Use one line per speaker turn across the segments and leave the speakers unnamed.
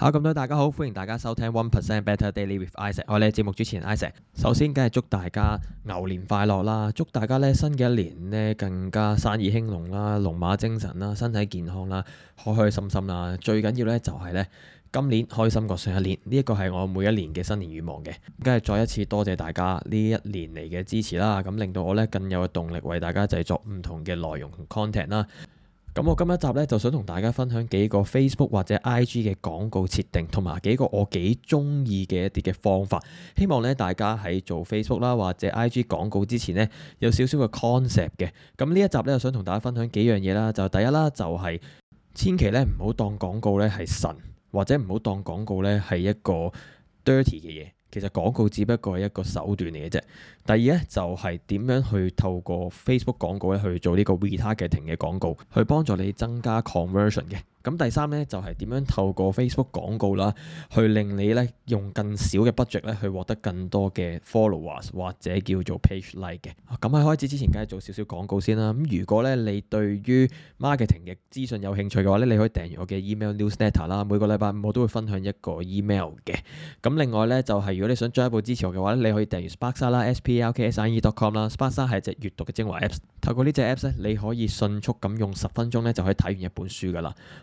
好，咁多位大家好，歡迎大家收聽 One Percent Better Daily with Isaac。我係你節目主持人 Isaac。首先，梗係祝大家牛年快樂啦，祝大家咧新嘅一年呢更加生意興隆啦，龍馬精神啦，身體健康啦，開開心心啦。最緊要咧就係咧今年開心過上一年，呢一個係我每一年嘅新年願望嘅。梗係再一次多謝大家呢一年嚟嘅支持啦，咁令到我咧更有嘅動力為大家製作唔同嘅內容同 content 啦。咁我今一集咧就想同大家分享幾個 Facebook 或者 IG 嘅廣告設定，同埋幾個我幾中意嘅一啲嘅方法。希望咧大家喺做 Facebook 啦或者 IG 廣告之前呢，有少少嘅 concept 嘅。咁呢一集咧就想同大家分享幾樣嘢啦。就第一啦，就係千祈咧唔好當廣告咧係神，或者唔好當廣告咧係一個 dirty 嘅嘢。其實廣告只不過係一個手段嚟嘅啫。第二咧就係，是，點樣去透過 Facebook 廣告咧去做呢個 retargeting 嘅廣告，去幫助你增加 conversion 嘅。咁第三呢，就係點樣透過 Facebook 廣告啦，去令你咧用更少嘅 budget 咧去獲得更多嘅 followers 或者叫做 page like 嘅。咁喺開始之前，梗係做少少廣告先啦。咁如果呢，你對於 marketing 嘅資訊有興趣嘅話咧，你可以訂閱我嘅 email newsletter 啦。每個禮拜五我都會分享一個 email 嘅。咁另外呢，就係如果你想進一步支持我嘅話，你可以訂閱 Sparks 啦，splksre.com 啦。Sparks 係一隻閱讀嘅精華 apps。透過呢隻 apps 呢，你可以迅速咁用十分鐘咧就可以睇完一本書噶啦。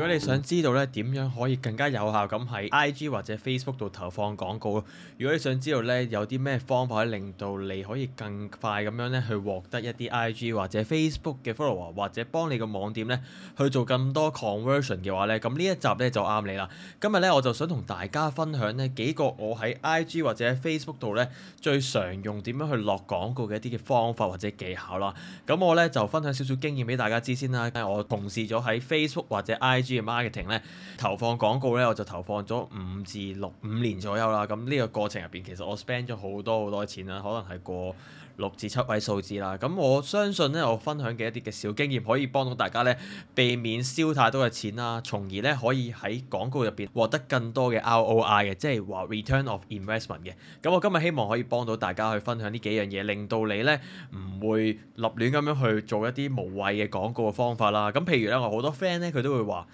如果你想知道咧，點樣可以更加有效咁喺 IG 或者 Facebook 度投放廣告啊，如果你想知道咧，有啲咩方法咧可以令到你可以更快咁樣咧去獲得一啲 IG 或者 Facebook 嘅 follower 或者幫你個網店咧去做更多 conversion 嘅話咧，咁呢一集咧就啱你啦。今日咧我就想同大家分享咧幾個我喺 IG 或者 Facebook 度咧最常用點樣去落廣告嘅一啲嘅方法或者技巧啦。咁我咧就分享少少經驗俾大家知先啦。我從事咗喺 Facebook 或者 IG。專業 marketing 咧，投放廣告咧，我就投放咗五至六五年左右啦。咁呢個過程入邊，其實我 spend 咗好多好多錢啦，可能係過。六至七位數字啦，咁我相信咧，我分享嘅一啲嘅小經驗可以幫到大家咧，避免燒太多嘅錢啦，從而咧可以喺廣告入邊獲得更多嘅 ROI 嘅，即係話 return of investment 嘅。咁我今日希望可以幫到大家去分享呢幾樣嘢，令到你咧唔會立亂咁樣去做一啲無謂嘅廣告嘅方法啦。咁譬如咧，我好多 friend 咧，佢都會話。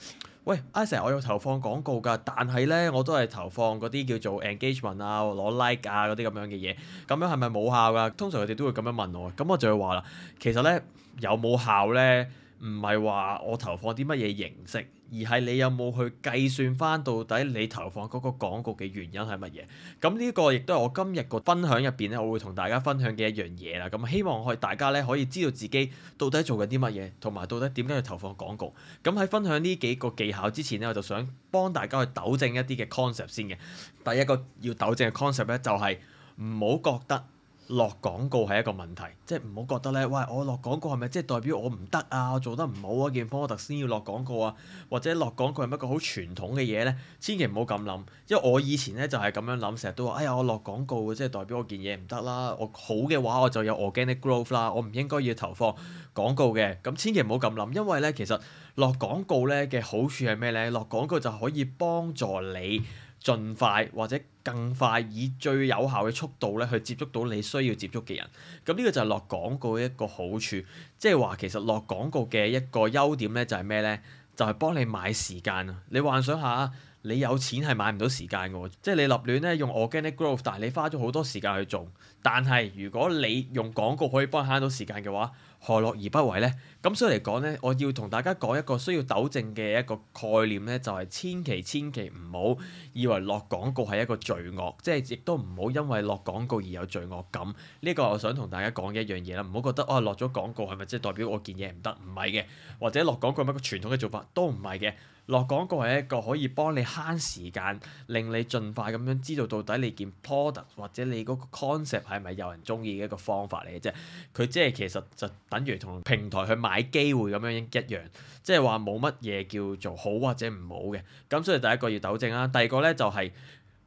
喂，Ish，我有投放廣告㗎，但係咧我都係投放嗰啲叫做 engagement 啊、攞 like 啊嗰啲咁樣嘅嘢，咁樣係咪冇效㗎？通常佢哋都會咁樣問我，咁我就會話啦，其實咧有冇效咧？唔係話我投放啲乜嘢形式，而係你有冇去計算返到底你投放嗰個廣告嘅原因係乜嘢？咁呢個亦都係我今日個分享入邊咧，我會同大家分享嘅一樣嘢啦。咁希望可以大家咧可以知道自己到底做緊啲乜嘢，同埋到底點解要投放廣告。咁喺分享呢幾個技巧之前咧，我就想幫大家去糾正一啲嘅 concept 先嘅。第一個要糾正嘅 concept 咧，就係唔好覺得落廣告係一個問題，即係唔好覺得咧，喂，我落廣告係咪即係代表我唔得啊？我做得唔好啊？好啊，件 product 先要落廣告啊？或者落廣告係咪一個好傳統嘅嘢咧？千祈唔好咁諗，因為我以前咧就係咁樣諗，成日都話：哎呀，我落廣告即係代表我件嘢唔得啦！我好嘅話我就有 organic growth 啦、啊，我唔應該要投放廣告嘅。咁千祈唔好咁諗，因為咧其實落廣告咧嘅好處係咩咧？落廣告就可以幫助你。盡快或者更快，以最有效嘅速度咧去接觸到你需要接觸嘅人。咁呢個就係落廣告嘅一個好處，即係話其實落廣告嘅一個優點咧就係咩咧？就係幫你買時間啊！你幻想下，你有錢係買唔到時間嘅喎，即係你立亂咧用 organic growth，但係你花咗好多時間去做。但係如果你用廣告可以幫你慳到時間嘅話，何樂而不為咧？咁所以嚟講咧，我要同大家講一個需要糾正嘅一個概念咧，就係、是、千祈千祈唔好以為落廣告係一個罪惡，即係亦都唔好因為落廣告而有罪惡感。呢個我想同大家講嘅一樣嘢啦，唔好覺得哦落咗廣告係咪即係代表我件嘢唔得？唔係嘅，或者落廣告係咪一個傳統嘅做法都唔係嘅。落廣告係一個可以幫你慳時間，令你盡快咁樣知道到底你件 product 或者你嗰個 concept 係咪有人中意嘅一個方法嚟嘅啫。佢即係其實就等於同平台去買機會咁樣一樣，即係話冇乜嘢叫做好或者唔好嘅。咁所以第一個要糾正啦、啊，第二個咧就係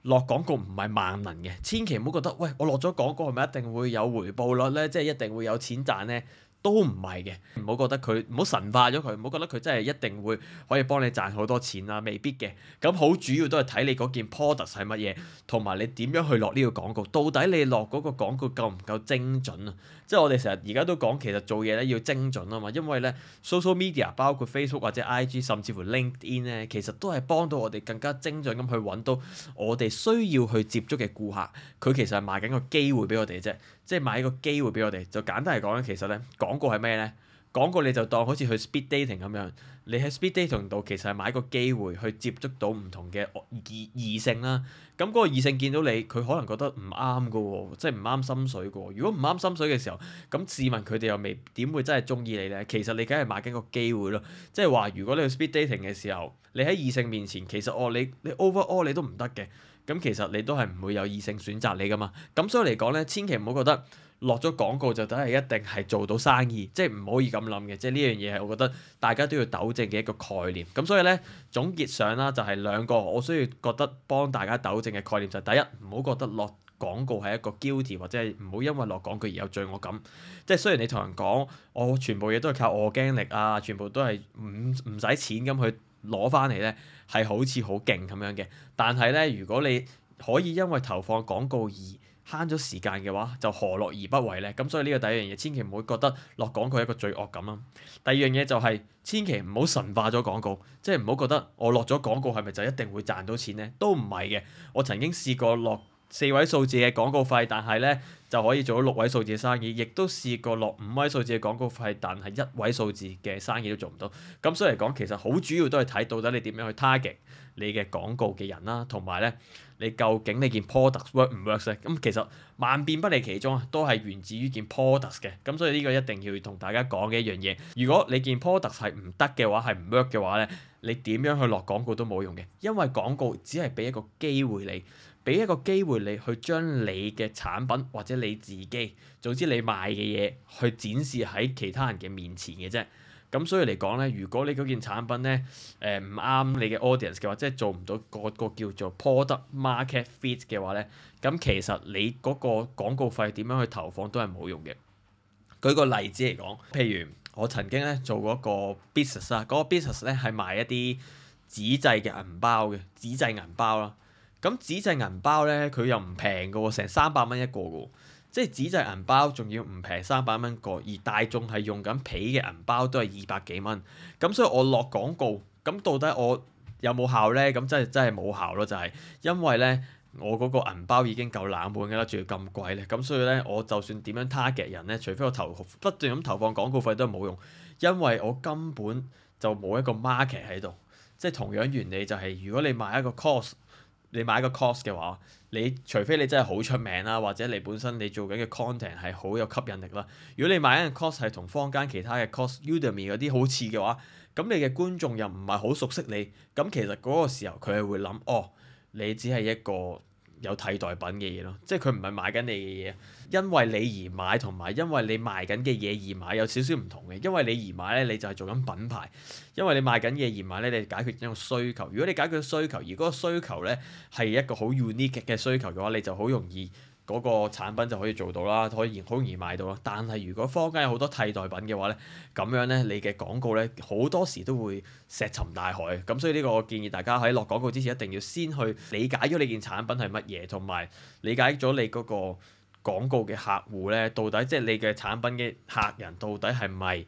落廣告唔係萬能嘅，千祈唔好覺得喂我落咗廣告係咪一定會有回報率咧？即係一定會有錢賺咧？都唔係嘅，唔好覺得佢，唔好神化咗佢，唔好覺得佢真係一定會可以幫你賺好多錢呀，未必嘅。咁好主要都係睇你嗰件 product 係乜嘢，同埋你點樣去落呢個廣告，到底你落嗰個廣告夠唔夠精準啊？即係我哋成日而家都講，其實做嘢咧要精準啊嘛，因為咧 social media 包括 Facebook 或者 IG 甚至乎 LinkedIn 咧，其實都係幫到我哋更加精準咁去揾到我哋需要去接觸嘅顧客，佢其實係賣緊個機會俾我哋啫。即係買一個機會俾我哋，就簡單嚟講咧，其實咧廣告係咩咧？廣告你就當好似去 speed dating 咁樣，你喺 speed dating 度其實係買一個機會去接觸到唔同嘅異異，異性啦。咁嗰個異性見到你，佢可能覺得唔啱㗎喎，即係唔啱心水㗎喎。如果唔啱心水嘅時候，咁試問佢哋又未點會真係中意你咧？其實你梗係買緊個機會咯。即係話如果你去 speed dating 嘅時候，你喺異性面前，其實哦你，你 overall 你都唔得嘅。咁其實你都係唔會有異性選擇你噶嘛，咁所以嚟講咧，千祈唔好覺得落咗廣告就等於一定係做到生意，即係唔可以咁諗嘅，即係呢樣嘢係我覺得大家都要糾正嘅一個概念。咁所以咧總結上啦，就係兩個我需要覺得幫大家糾正嘅概念就係第一，唔好覺得落廣告係一個 guilty 或者係唔好因為落廣告而有罪惡感。即係雖然你同人講我全部嘢都係靠我經歷啊，全部都係唔唔使錢咁去攞翻嚟咧。係好似好勁咁樣嘅，但係咧，如果你可以因為投放廣告而慳咗時間嘅話，就何樂而不為咧？咁所以呢個第一樣嘢，千祈唔好覺得落廣告係一個罪惡咁啦。第二樣嘢就係、是、千祈唔好神化咗廣告，即係唔好覺得我落咗廣告係咪就一定會賺到錢咧？都唔係嘅。我曾經試過落，四位數字嘅廣告費，但係咧就可以做到六位數字嘅生意，亦都試過落五位數字嘅廣告費，但係一位數字嘅生意都做唔到。咁所以嚟講，其實好主要都係睇到底你點樣去 target 你嘅廣告嘅人啦、啊，同埋咧你究竟你件 product work 唔 work 咧？咁其實萬變不離其宗都係源自於件 product 嘅。咁所以呢個一定要同大家講嘅一樣嘢，如果你件 product 係唔得嘅話，係唔 work 嘅話咧，你點樣去落廣告都冇用嘅，因為廣告只係俾一個機會你。俾一個機會你去將你嘅產品或者你自己，總之你賣嘅嘢去展示喺其他人嘅面前嘅啫。咁所以嚟講咧，如果你嗰件產品咧，誒唔啱你嘅 audience 嘅話，即係做唔到嗰個叫做 product market fit 嘅話咧，咁其實你嗰個廣告費點樣去投放都係冇用嘅。舉個例子嚟講，譬如我曾經咧做過一個 business 啊，嗰個 business 咧係賣一啲紙製嘅銀包嘅，紙製銀包啦。咁紙製銀包咧，佢又唔平嘅喎，成三百蚊一個嘅喎，即係紙製銀包仲要唔平三百蚊一個，而大眾係用緊皮嘅銀包都係二百幾蚊。咁所以我落廣告，咁到底我有冇效咧？咁真係真係冇效咯，就係，就係因為咧，我嗰個銀包已經夠冷門嘅啦，仲要咁貴咧。咁所以咧，我就算點樣 target 人咧，除非我投不斷咁投放廣告費都係冇用，因為我根本就冇一個 market 喺度。即係同樣原理就係，如果你賣一個 course 你買一個 course 嘅話，你除非你真係好出名啦，或者你本身你做緊嘅 content 係好有吸引力啦。如果你買一個 course 係同坊間其他嘅 course Udemy 嗰啲好似嘅話，咁你嘅觀眾又唔係好熟悉你，咁其實嗰個時候佢係會諗，哦，你只係一個。有替代品嘅嘢咯，即係佢唔係買緊你嘅嘢，因為你而買同埋因為你賣緊嘅嘢而買有少少唔同嘅。因為你而買咧，你就係做緊品牌；因為你賣緊嘢而買咧，你就解決咗個需求。如果你解決需求，而嗰個需求咧係一個好 unique 嘅需求嘅話，你就好容易。嗰個產品就可以做到啦，可以好容易賣到啦。但係如果坊間有好多替代品嘅話咧，咁樣咧你嘅廣告咧好多時都會石沉大海。咁所以呢個建議大家喺落廣告之前一定要先去理解咗你件產品係乜嘢，同埋理解咗你嗰個廣告嘅客戶咧，到底即係你嘅產品嘅客人到底係咪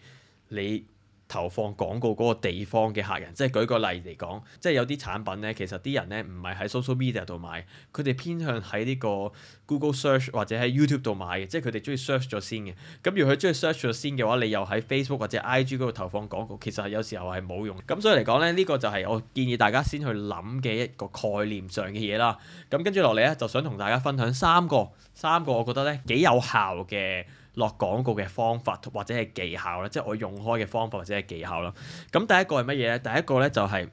你投放廣告嗰個地方嘅客人，即係舉個例嚟講，即係有啲產品咧，其實啲人咧唔係喺 social media 度買，佢哋偏向喺呢個 Google search 或者喺 YouTube 度買嘅，即係佢哋中意 search 咗先嘅。咁如果佢中意 search 咗先嘅話，你又喺 Facebook 或者 IG 嗰度投放廣告，其實有時候係冇用。咁所以嚟講咧，呢個就係我建議大家先去諗嘅一個概念上嘅嘢啦。咁跟住落嚟咧，就想同大家分享三個三個，我覺得咧幾有效嘅。落廣告嘅方法或者係技巧咧，即係我用開嘅方法或者係技巧啦。咁第一個係乜嘢咧？第一個咧就係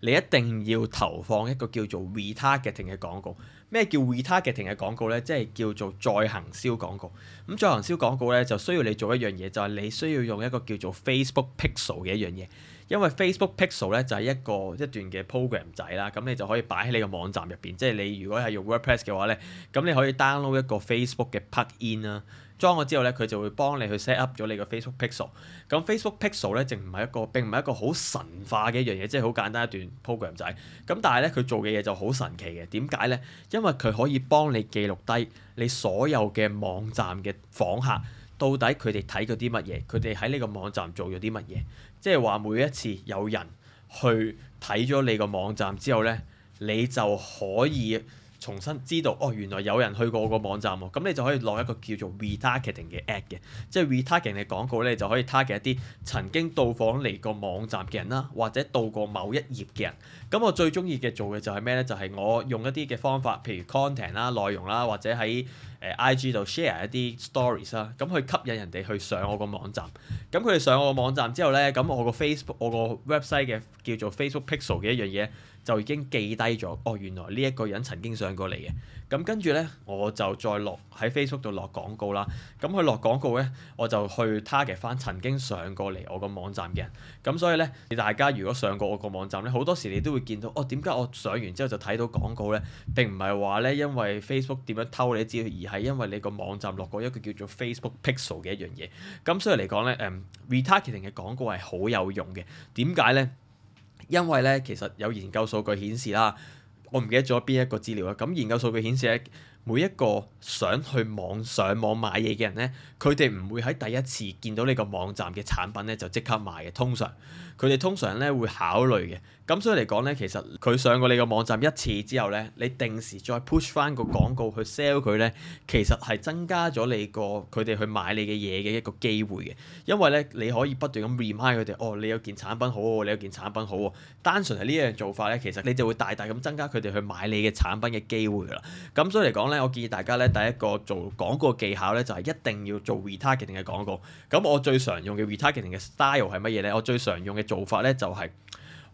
你一定要投放一個叫做 Retargeting 嘅廣告。咩叫 Retargeting 嘅廣告咧？即係叫做再行銷廣告。咁再行銷廣告咧就需要你做一樣嘢，就係你需要用一個叫做 Facebook Pixel 嘅一樣嘢，因為 Facebook Pixel 咧就係一個一段嘅 program 仔啦。咁你就可以擺喺你個網站入邊。即係你如果係用 WordPress 嘅話咧，咁你可以 download 一個 Facebook 嘅 plug in 啦。裝咗之後咧，佢就會幫你去 set up 咗你個 Facebook pixel。咁 Facebook pixel 咧，淨唔係一個並唔係一個好神化嘅一樣嘢，即係好簡單一段 program 仔。咁但係咧，佢做嘅嘢就好神奇嘅。點解咧？因為佢可以幫你記錄低你所有嘅網站嘅訪客到底佢哋睇咗啲乜嘢，佢哋喺呢個網站做咗啲乜嘢。即係話每一次有人去睇咗你個網站之後咧，你就可以。重新知道，哦，原來有人去過我個網站喎。哦，咁你就可以落一個叫做 retargeting 嘅 app 嘅，ad，即係 retargeting 嘅廣告咧，你就可以 target 一啲曾經到訪嚟過網站嘅人啦，或者到過某一頁嘅人。咁我最中意嘅做嘅就係咩咧？就係、是、我用一啲嘅方法，譬如 content 啦、內容啦，或者喺誒、呃、IG 度 share 一啲 stories 啦、啊，咁去吸引人哋去上我個網站。咁佢哋上我個網站之後咧，咁我個 Facebook、我個 website 嘅叫做 Facebook Pixel 嘅一樣嘢就已經記低咗。哦，原來呢一個人曾經上過嚟嘅。咁跟住咧，我就再落喺 Facebook 度落廣告啦。咁、嗯、佢落廣告咧，我就去 target 翻曾經上過嚟我個網站嘅人。咁、嗯、所以咧，大家如果上過我個網站咧，好多時你都會見到，哦，點解我上完之後就睇到廣告咧？並唔係話咧，因為 Facebook 點樣偷你資料，而係因為你個網站落過一個叫做 Facebook Pixel 嘅一樣嘢。咁、嗯、所以嚟講咧，誒、嗯、retargeting 嘅廣告係好有用嘅。點解咧？因為咧，其實有研究數據顯示啦。我唔記得咗邊一個資料啦，咁研究數據顯示咧。每一個想去網上網買嘢嘅人咧，佢哋唔會喺第一次見到你個網站嘅產品咧就即刻買嘅。通常佢哋通常咧會考慮嘅。咁所以嚟講咧，其實佢上過你個網站一次之後咧，你定時再 push 翻個廣告去 sell 佢咧，其實係增加咗你個佢哋去買你嘅嘢嘅一個機會嘅。因為咧你可以不斷咁 remind 佢哋，哦，你有件產品好喎，你有件產品好喎。單純係呢樣做法咧，其實你就會大大咁增加佢哋去買你嘅產品嘅機會㗎喇。咁所以嚟講。我建議大家咧，第一個做廣告技巧咧，就係一定要做 retargeting 嘅廣告。咁我最常用嘅 retargeting 嘅 style 係乜嘢咧？我最常用嘅做法咧，就係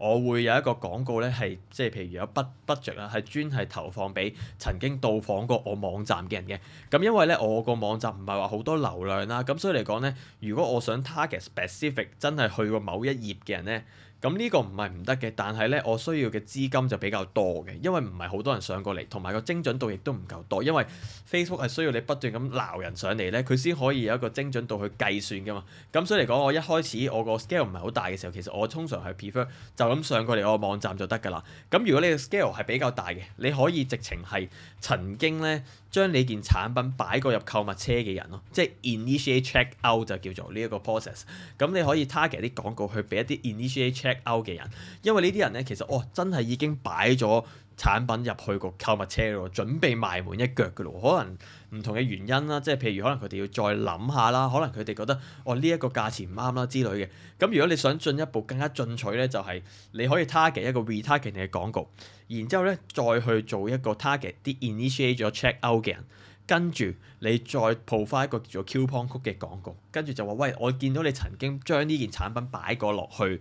我會有一個廣告咧，係即係譬如有 budget budget 啦，係專係投放俾曾經到訪過我網站嘅人嘅。咁因為咧，我個網站唔係話好多流量啦，咁所以嚟講咧，如果我想 target specific 真係去過某一頁嘅人咧。咁呢個唔係唔得嘅，但係咧，我需要嘅資金就比較多嘅，因為唔係好多人上過嚟，同埋個精準度亦都唔夠多，因為 Facebook 係需要你不斷咁鬧人上嚟咧，佢先可以有一個精準度去計算噶嘛。咁所以嚟講，我一開始我個 scale 唔係好大嘅時候，其實我通常係 prefer 就咁上過嚟我個網站就得㗎啦。咁如果你嘅 scale 係比較大嘅，你可以直情係曾經咧將你件產品擺過入購物車嘅人咯，即係 initiate check out 就叫做呢一個 process。咁你可以 target 啲廣告去俾一啲 initiate check check out 嘅人，因為呢啲人咧，其實哦，真係已經擺咗產品入去個購物車咯，準備買滿一腳嘅咯。可能唔同嘅原因啦，即係譬如可能佢哋要再諗下啦，可能佢哋覺得哦呢一個價錢唔啱啦之類嘅。咁如果你想進一步更加進取咧，就係你可以 target 一個 retarget 嘅廣告，然之後咧再去做一個 target 啲 initiate 咗 check out 嘅人，跟住你再鋪翻一個叫做 coupon code 嘅廣告，跟住就話喂，我見到你曾經將呢件產品擺過落去。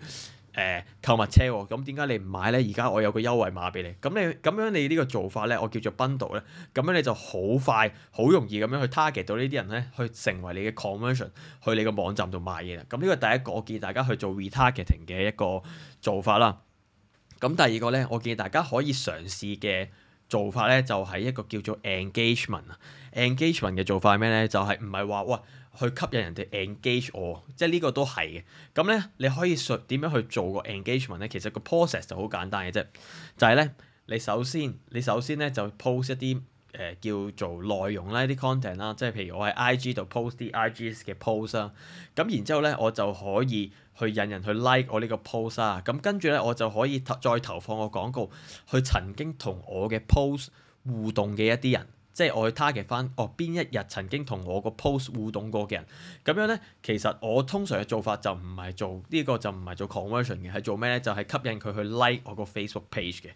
誒、呃、購物車喎，咁點解你唔買咧？而家我有個優惠碼俾你，咁你咁樣你呢個做法咧，我叫做 bundle 咧，咁樣你就好快、好容易咁樣去 target 到呢啲人咧，去成為你嘅 conversion，去你個網站度買嘢啦。咁呢個第一個，我建議大家去做 retargeting 嘅一個做法啦。咁第二個咧，我建議大家可以嘗試嘅做法咧，就係、是、一個叫做 eng engagement 啊，engagement 嘅做法係咩咧，就係唔係話喂。哇去吸引人哋 engage 我，即係呢個都係嘅。咁咧，你可以點樣去做個 engagement 咧？其實個 process 就好簡單嘅啫，就係、是、咧，你首先你首先咧就 post 一啲誒、呃、叫做內容啦，啲 content 啦，即係譬如我喺 IG 度 post 啲 IG 嘅 post 啊。咁然之後咧，我就可以去引人去 like 我呢個 post 啊。咁跟住咧，我就可以再投放個廣告去曾經同我嘅 post 互動嘅一啲人。即係我去 target 翻哦，邊一日曾經同我個 post 互動過嘅人。咁樣咧，其實我通常嘅做法就唔係做呢個，就唔係做 conversion 嘅，係做咩咧？就係吸引佢去 like 我個 Facebook page 嘅。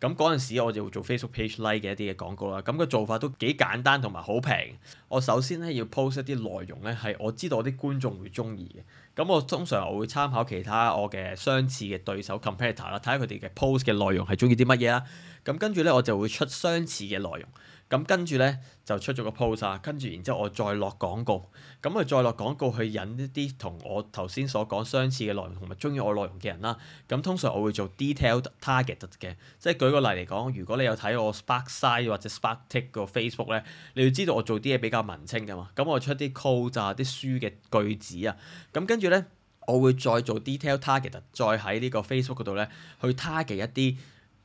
咁嗰陣時我就會做 Facebook page like 嘅一啲嘅廣告啦。咁個做法都幾簡單同埋好平。我首先咧，要 post 一啲內容咧，係我知道我啲觀眾會中意嘅。咁我通常我會參考其他我嘅相似嘅對手 competitor 啦，睇下佢哋嘅 post 嘅內容係中意啲乜嘢啦。咁跟住咧，我就會出相似嘅內容。咁跟住咧就出咗個 post 啊，跟住然之後我再落廣告，咁佢再落廣告去引一啲同我頭先所講相似嘅內容同埋中意我內容嘅人啦。咁通常我會做 detailed target 嘅，即係舉個例嚟講，如果你有睇我 Sparkside 或者 Sparktick 個 Facebook 咧，你要知道我做啲嘢比較文青㗎嘛，咁我出啲 quote 啊、啲書嘅句子啊，咁跟住咧我會再做 detailed target，再喺呢個 Facebook 嗰度咧去 target 一啲。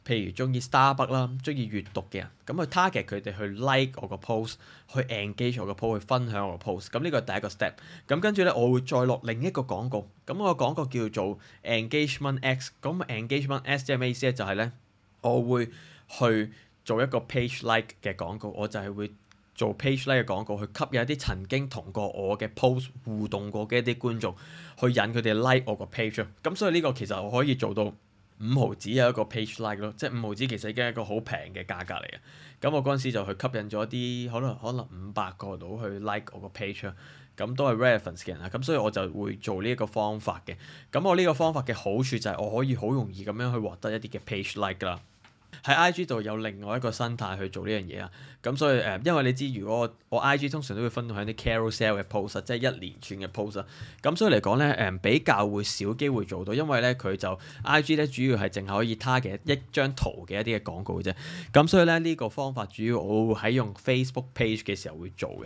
譬如中意 Starbucks 啦，中意閱讀嘅人，咁去 target 佢哋去 like 我個 post，去 engage 我個 post，去分享我個 post，咁呢個係第一個 step。咁跟住咧，我會再落另一個廣告。咁我個廣告叫做 engagement X。咁 engagement X 即係咩意思咧？就係咧，我會去做一個 page like 嘅廣告，我就係會做 page like 嘅廣告去吸引一啲曾經同過我嘅 post 互動過嘅一啲觀眾，去引佢哋 like 我個 page。咁所以呢個其實我可以做到。五毫子有一個 page like 咯，即係五毫子其實已經係一個好平嘅價格嚟嘅。咁我嗰陣時就去吸引咗啲可能可能五百個到去 like 我個 page 啦，咁都係 reference 嘅人啦。咁所以我就會做呢一個方法嘅。咁我呢個方法嘅好處就係我可以好容易咁樣去獲得一啲嘅 page like 啦。喺 IG 度有另外一個生態去做呢樣嘢啊。咁所以誒，因為你知，如果我，我 I G 通常都會分享啲 carousel 嘅 post，即係一連串嘅 post 啦。咁所以嚟講咧，誒比較會少機會做到，因為咧佢就 I G 咧主要係淨係可以 target 一張圖嘅一啲嘅廣告啫。咁所以咧呢、這個方法主要我會喺用 Facebook page 嘅時候會做嘅。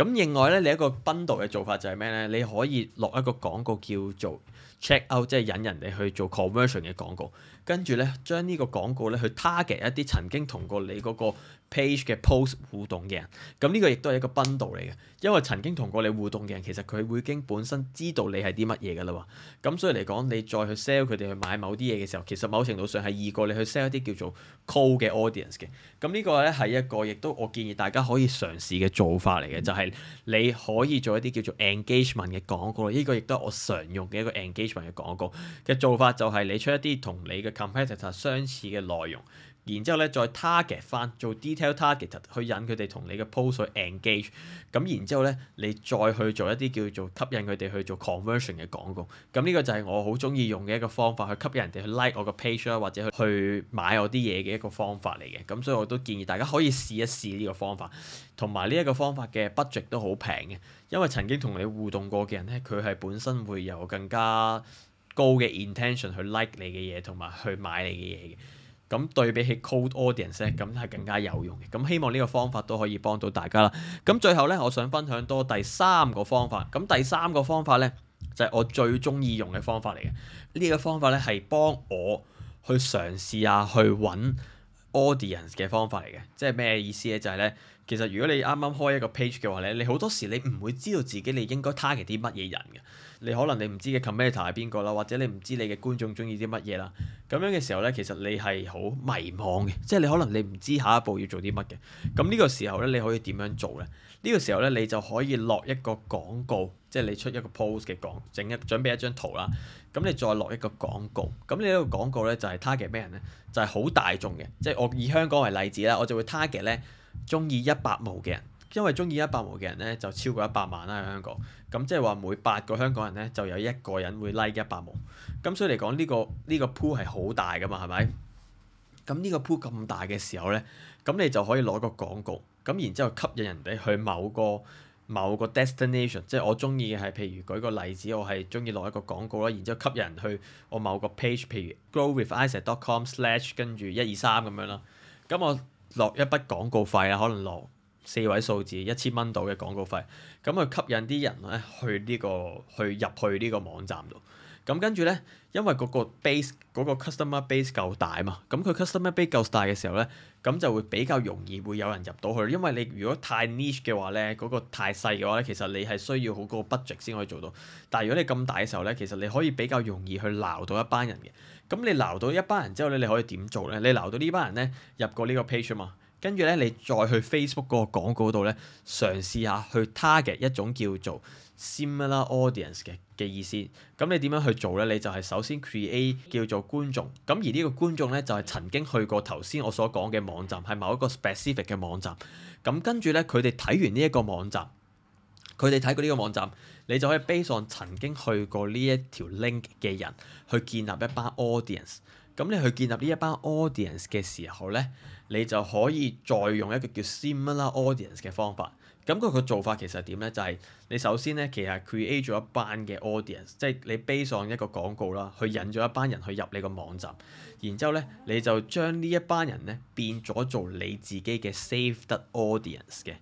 咁另外咧，你一個 Bundle 嘅做法就係咩咧？你可以落一個廣告叫做 Check Out，即係引人哋去做 conversion 嘅廣告，跟住咧將呢將個廣告咧去 target 一啲曾經同過你嗰、那個。Page 嘅 post 互動嘅人，咁呢個亦都係一個 bundle 嚟嘅，因為曾經同過你互動嘅人，其實佢已經本身知道你係啲乜嘢噶啦喎，咁所以嚟講，你再去 sell 佢哋去買某啲嘢嘅時候，其實某程度上係易過你去 sell 一啲叫做 cold 嘅 audience 嘅。咁呢個咧係一個亦都我建議大家可以嘗試嘅做法嚟嘅，就係、是、你可以做一啲叫做 engagement 嘅廣告。呢個亦都係我常用嘅一個 engagement 嘅廣告嘅做法，就係你出一啲同你嘅 competitor 相似嘅內容。然之後咧，再 target 翻做 detail target 去引佢哋同你嘅 post 去 engage，咁然之後咧，你再去做一啲叫做吸引佢哋去做 conversion 嘅廣告。咁呢個就係我好中意用嘅一個方法，去吸引人哋去 like 我嘅 page 啦，或者去買我啲嘢嘅一個方法嚟嘅。咁所以我都建議大家可以試一試呢個方法，同埋呢一個方法嘅 budget 都好平嘅，因為曾經同你互動過嘅人咧，佢係本身會有更加高嘅 intention 去 like 你嘅嘢同埋去買你嘅嘢嘅。咁對比起 cold audience 咧，咁係更加有用嘅。咁希望呢個方法都可以幫到大家啦。咁最後咧，我想分享多第三個方法。咁第三個方法咧，就係我最中意用嘅方法嚟嘅。呢個方法咧，係幫我去嘗試下去揾 audience 嘅方法嚟嘅。即係咩意思咧？就係咧。其實，如果你啱啱開一個 page 嘅話咧，你好多時你唔會知道自己你應該 target 啲乜嘢人嘅。你可能你唔知嘅 commenter 係邊個啦，或者你唔知你嘅觀眾中意啲乜嘢啦。咁樣嘅時候咧，其實你係好迷茫嘅，即係你可能你唔知下一步要做啲乜嘅。咁呢個時候咧，你可以點樣做咧？呢個時候咧，你就可以落一個廣告，即係你出一個 post 嘅講，整一準備一張圖啦。咁你再落一個廣告，咁呢個廣告咧，就係 target 咩人咧？就係好大眾嘅，即係我以香港為例子啦，我就會 target 咧。中意一百毛嘅人，因為中意一百毛嘅人咧就超過一百萬啦喺香港，咁即係話每八個香港人咧就有一個人會 like 一百毛，咁所以嚟講呢個呢、個 pool 係好大㗎嘛係咪？咁呢個 pool 咁大嘅時候咧，咁你就可以攞個廣告，咁然之後吸引人哋去某個某個 destination，即係我中意嘅係譬如舉個例子，我係中意攞一個廣告啦，然之後吸引人去我某個 page，譬如 growwithisaac.com slash 跟住一二三咁樣咯，咁我。落一筆廣告費啊，可能落四位數字一千蚊度嘅廣告費，咁去吸引啲人咧去呢個去入去呢個網站度。咁跟住咧，因為嗰個 base 嗰個 customer base 夠大嘛，咁佢 customer base 夠大嘅時候咧，咁就會比較容易會有人入到去。因為你如果太 niche 嘅話咧，嗰個太細嘅話咧，其實你係需要好高 budget 先可以做到。但係如果你咁大嘅時候咧，其實你可以比較容易去撈到一班人嘅。咁你撈到一班人之後咧，你可以點做咧？你撈到呢班人咧，入過呢個 page 啊嘛，跟住咧，你再去 Facebook 嗰個廣告嗰度咧，嘗試下去 target 一種叫做 similar audience 嘅嘅意思。咁你點樣去做咧？你就係首先 create 叫做觀眾，咁而呢個觀眾咧，就係曾經去過頭先我所講嘅網站，係某一個 specific 嘅網站。咁跟住咧，佢哋睇完呢一個網站。佢哋睇過呢個網站，你就可以 base on 曾經去過呢一條 link 嘅人去建立一班 audience。咁你去建立呢一班 audience 嘅時候咧，你就可以再用一個叫 similar audience 嘅方法。咁佢個做法其實點咧？就係、是、你首先咧，其實 create 咗一班嘅 audience，即係你 base on 一個廣告啦，去引咗一班人去入你個網站，然之後咧，你就將呢一班人咧變咗做你自己嘅 saved audience 嘅。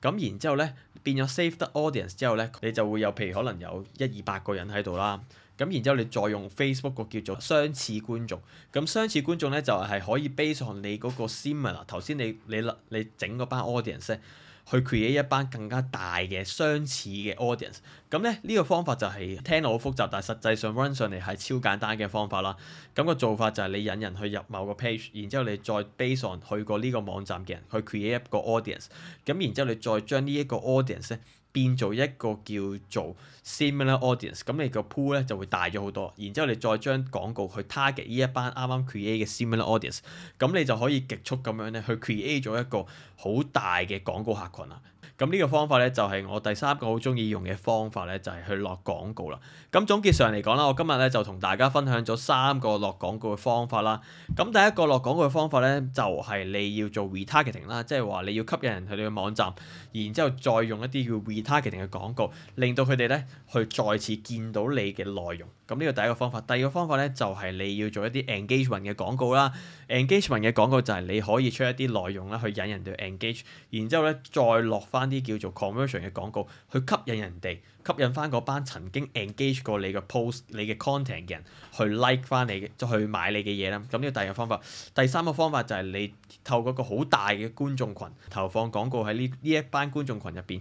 咁然之後咧，變咗 save the audience 之後咧，你就會有，譬如可能有一二百個人喺度啦。咁然之後你再用 Facebook 個叫做相似觀眾，咁相似觀眾咧就係、是、可以 base 上你嗰個 seminar。頭先你你你整嗰班 audience。去 create 一班更加大嘅相似嘅 audience，咁咧呢個方法就係聽落好複雜，但實際上 run 上嚟係超簡單嘅方法啦。咁個做法就係你引人去入某個 page，然之後你再 base on 去過呢個網站嘅人去 create 一個 audience，咁然之後你再將呢一個 audience 咧。變做一個叫做 similar audience，咁你個 pool 咧就會大咗好多，然之後你再將廣告去 target 呢一班啱啱 create 嘅 similar audience，咁你就可以極速咁樣咧去 create 咗一個好大嘅廣告客群啦。咁呢個方法咧就係我第三個好中意用嘅方法咧，就係去落廣告啦。咁總結上嚟講啦，我今日咧就同大家分享咗三個落廣告嘅方法啦。咁第一個落廣告嘅方法咧，就係你要做 retargeting 啦，即係話你要吸引人去你嘅網站，然之後再用一啲叫 retargeting 嘅廣告，令到佢哋咧去再次見到你嘅內容。咁呢個第一個方法。第二個方法咧就係你要做一啲 engagement 嘅廣告啦。engagement 嘅廣告就係你可以出一啲內容啦，去引人哋去 engage，然之後咧再落翻。啲叫做 conversion 嘅廣告，去吸引人哋，吸引翻嗰班曾經 engage 過你嘅 post 你嘅、你嘅 content 嘅人去 like 翻你嘅，再去買你嘅嘢啦。咁呢個第二個方法，第三個方法就係你透過一個好大嘅觀眾群投放廣告喺呢呢一班觀眾群入邊，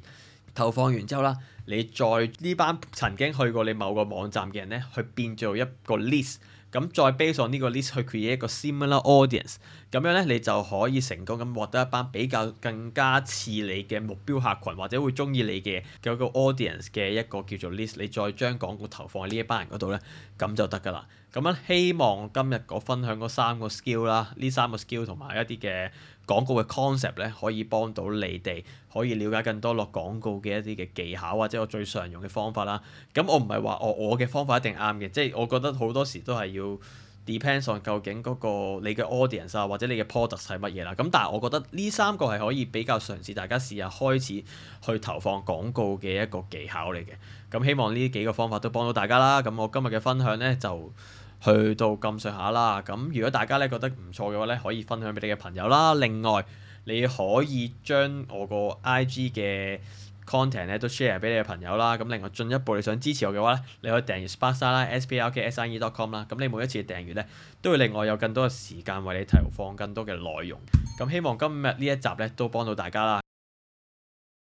投放完之後啦，你再呢班曾經去過你某個網站嘅人咧，去變做一個 list。咁再 base 上呢個 list 去 create 一個 similar audience，咁樣咧你就可以成功咁獲得一班比較更加似你嘅目標客群或者會中意你嘅嗰個 audience 嘅一個叫做 list，你再將廣告投放喺呢一班人嗰度咧，咁就得㗎啦。咁樣希望今日我分享嗰三個 skill 啦，呢三個 skill 同埋一啲嘅廣告嘅 concept 咧，可以幫到你哋，可以了解更多落廣告嘅一啲嘅技巧或者我最常用嘅方法啦。咁我唔係話我我嘅方法一定啱嘅，即係我覺得好多時都係要 depends on 究竟嗰個你嘅 audience 啊或者你嘅 product 係乜嘢啦。咁但係我覺得呢三個係可以比較嘗試大家試下開始去投放廣告嘅一個技巧嚟嘅。咁希望呢幾個方法都幫到大家啦。咁我今日嘅分享咧就～去到咁上下啦，咁如果大家咧覺得唔錯嘅話咧，可以分享俾你嘅朋友啦。另外，你可以將我個 IG 嘅 content 咧都 share 俾你嘅朋友啦。咁另外進一步你想支持我嘅話咧，你可以訂閱 Sparksine 啦，sparksine dot com 啦。咁你每一次訂閱咧，都會另外有更多嘅時間為你投放更多嘅內容。咁希望今日呢一集咧都幫到大家啦。